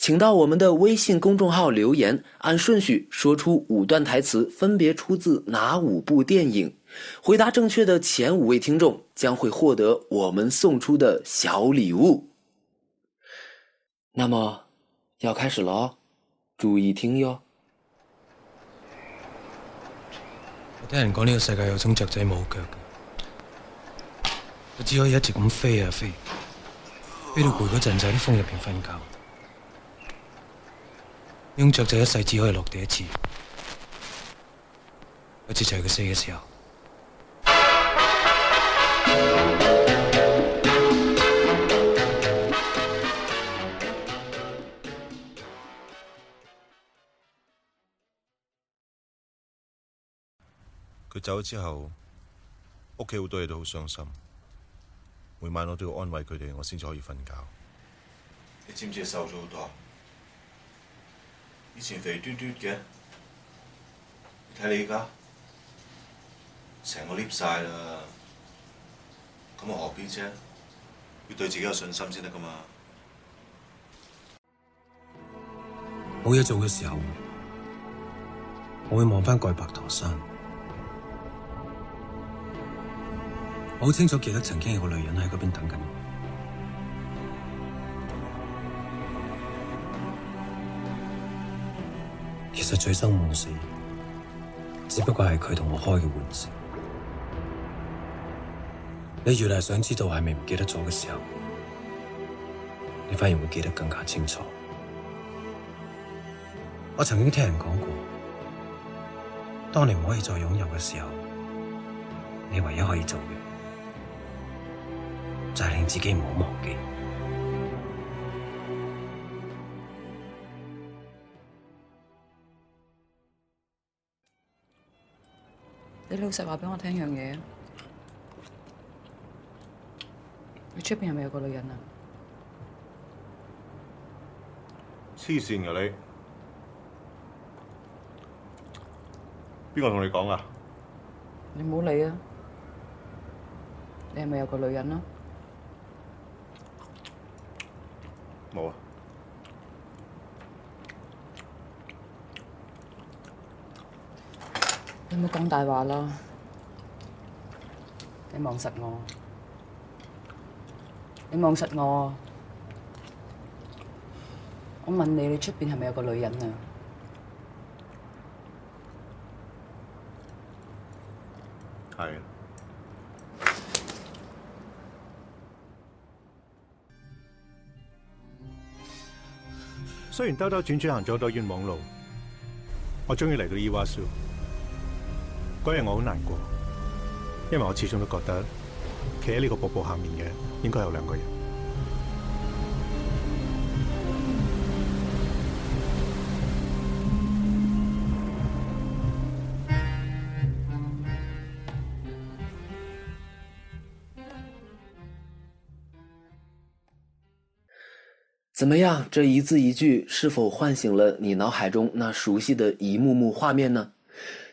請到我們的微信公眾號留言，按順序說出五段台詞，分別出自哪五部電影？回答正確的前五位聽眾將會獲得我們送出的小禮物。那麼，要開始了哦，注意聽喲。我聽人講，呢個世界有種雀仔冇腳嘅，我只可以一直咁飛啊飛，飛到攰嗰陣就喺啲風入邊瞓覺。用種雀就一世只可以落地一次，一次就係佢死嘅時候。佢走咗之後，屋企好多嘢都好傷心。每晚我都要安慰佢哋，我先至可以瞓覺。你知唔知你瘦咗好多？以前肥嘟嘟嘅，睇你而家成個 lift 曬啦，咁我何必啫？要對自己有信心先得㗎嘛。冇嘢做嘅時候，我會望翻過白頭山，我好清楚記得曾經有個女人喺嗰邊等緊我。其實醉生夢死，只不過係佢同我開嘅玩笑。你越係想知道係咪唔記得咗嘅時候，你反而會記得更加清楚。我曾經聽人講過，當你唔可以再擁有嘅時候，你唯一可以做嘅，就係、是、令自己唔好忘記。你老實話畀我聽樣嘢，你出邊係咪有，有個女人啊？黐線㗎你！邊個同你講啊？你唔好理啊！你係咪有個女人啊？唔好講大話啦！你望實我，你望實我，我問你，你出邊係咪有個女人啊？係。雖然兜兜轉轉行咗好多冤枉路，我終於嚟到伊娃村。嗰日我好難過，因為我始終都覺得企喺呢個瀑布下面嘅應該有兩個人。怎麼樣？這一字一句是否喚醒了你腦海中那熟悉的一幕幕畫面呢？